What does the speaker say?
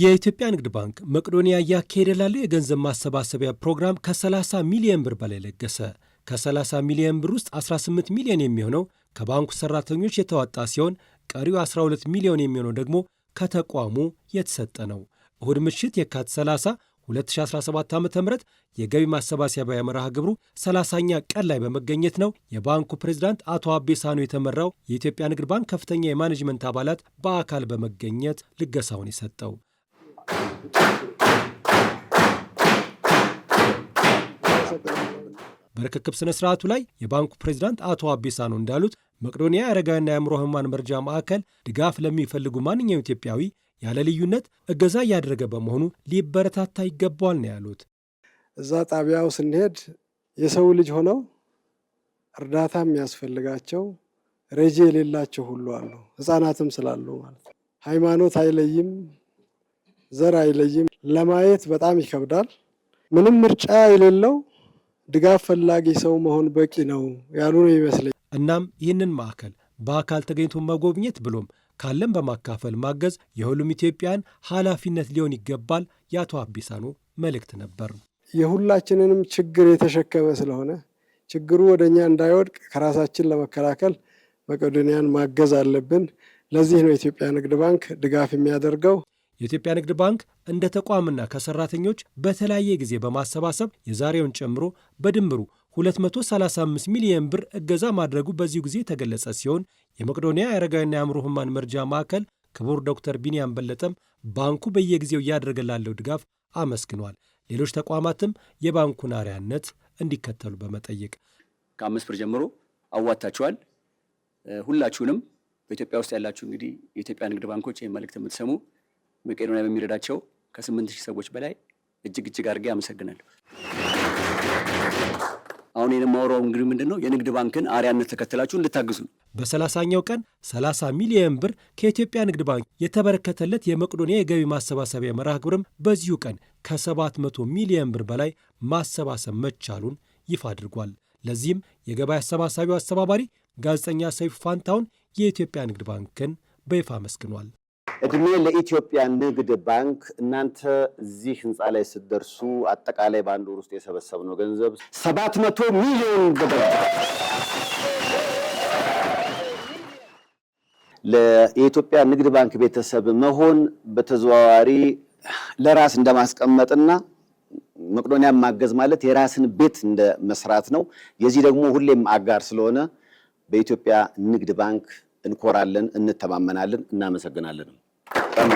የኢትዮጵያ ንግድ ባንክ መቅዶኒያ እያካሄደ ላለው የገንዘብ ማሰባሰቢያ ፕሮግራም ከ30 ሚሊዮን ብር በላይ ለገሰ። ከ30 ሚሊዮን ብር ውስጥ 18 ሚሊዮን የሚሆነው ከባንኩ ሰራተኞች የተዋጣ ሲሆን ቀሪው 12 ሚሊዮን የሚሆነው ደግሞ ከተቋሙ የተሰጠ ነው። እሁድ ምሽት የካቲት 30 2017 ዓ ም የገቢ ማሰባሰቢያ መርሃ ግብሩ 30ኛ ቀን ላይ በመገኘት ነው የባንኩ ፕሬዝዳንት አቶ አቤ ሳኖ የተመራው የኢትዮጵያ ንግድ ባንክ ከፍተኛ የማኔጅመንት አባላት በአካል በመገኘት ልገሳውን የሰጠው። በርክክብ ስነ ስርዓቱ ላይ የባንኩ ፕሬዚዳንት አቶ አቤሳኖ እንዳሉት መቅዶንያ የአረጋውያንና የአእምሮ ህሙማን መርጃ ማዕከል ድጋፍ ለሚፈልጉ ማንኛውም ኢትዮጵያዊ ያለ ልዩነት እገዛ እያደረገ በመሆኑ ሊበረታታ ይገባዋል ነው ያሉት። እዛ ጣቢያው ስንሄድ የሰው ልጅ ሆነው እርዳታ የሚያስፈልጋቸው ረጂ የሌላቸው ሁሉ አሉ። ህፃናትም ስላሉ ማለት ነው። ሃይማኖት አይለይም፣ ዘር አይለይም። ለማየት በጣም ይከብዳል። ምንም ምርጫ የሌለው ድጋፍ ፈላጊ ሰው መሆን በቂ ነው ያሉ ነው ይመስለኝ። እናም ይህንን ማዕከል በአካል ተገኝቶ መጎብኘት ብሎም ካለም በማካፈል ማገዝ የሁሉም ኢትዮጵያን ኃላፊነት ሊሆን ይገባል የአቶ አቢሳኖ መልእክት ነበር። የሁላችንንም ችግር የተሸከመ ስለሆነ ችግሩ ወደ እኛ እንዳይወድቅ ከራሳችን ለመከላከል መቄዶንያን ማገዝ አለብን። ለዚህ ነው የኢትዮጵያ ንግድ ባንክ ድጋፍ የሚያደርገው። የኢትዮጵያ ንግድ ባንክ እንደ ተቋምና ከሰራተኞች በተለያየ ጊዜ በማሰባሰብ የዛሬውን ጨምሮ በድምሩ 235 ሚሊዮን ብር እገዛ ማድረጉ በዚሁ ጊዜ የተገለጸ ሲሆን የመቄዶንያ የአረጋዊና የአእምሮ ሕሙማን መርጃ ማዕከል ክቡር ዶክተር ቢንያም በለጠም ባንኩ በየጊዜው እያደረገ ላለው ድጋፍ አመስግኗል። ሌሎች ተቋማትም የባንኩን አርያነት እንዲከተሉ በመጠየቅ ከአምስት ብር ጀምሮ አዋታችኋል። ሁላችሁንም በኢትዮጵያ ውስጥ ያላችሁ እንግዲህ የኢትዮጵያ ንግድ ባንኮች ይህ መልእክት የምትሰሙ መቄዶንያ በሚረዳቸው ከስምንት ሺህ ሰዎች በላይ እጅግ እጅግ አድርጌ አመሰግናለሁ። አሁን የማወራው እንግዲህ ምንድን ነው የንግድ ባንክን አርያነት ተከትላችሁ እንድታግዙ ነው። በሰላሳኛው ቀን 30 ሚሊየን ብር ከኢትዮጵያ ንግድ ባንክ የተበረከተለት የመቄዶንያ የገቢ ማሰባሰቢያ መርሃ ግብርም በዚሁ ቀን ከ700 ሚሊየን ብር በላይ ማሰባሰብ መቻሉን ይፋ አድርጓል። ለዚህም የገበያ አሰባሳቢው አስተባባሪ ጋዜጠኛ ሰይፉ ፋንታውን የኢትዮጵያ ንግድ ባንክን በይፋ አመስግኗል። እድሜ ለኢትዮጵያ ንግድ ባንክ እናንተ እዚህ ህንፃ ላይ ስትደርሱ አጠቃላይ በአንድ ወር ውስጥ የሰበሰብነው ገንዘብ ሰባት መቶ ሚሊዮን ብር የኢትዮጵያ ንግድ ባንክ ቤተሰብ መሆን በተዘዋዋሪ ለራስ እንደማስቀመጥና መቅዶኒያ ማገዝ ማለት የራስን ቤት እንደ መስራት ነው። የዚህ ደግሞ ሁሌም አጋር ስለሆነ በኢትዮጵያ ንግድ ባንክ እንኮራለን፣ እንተማመናለን፣ እናመሰግናለን። Tan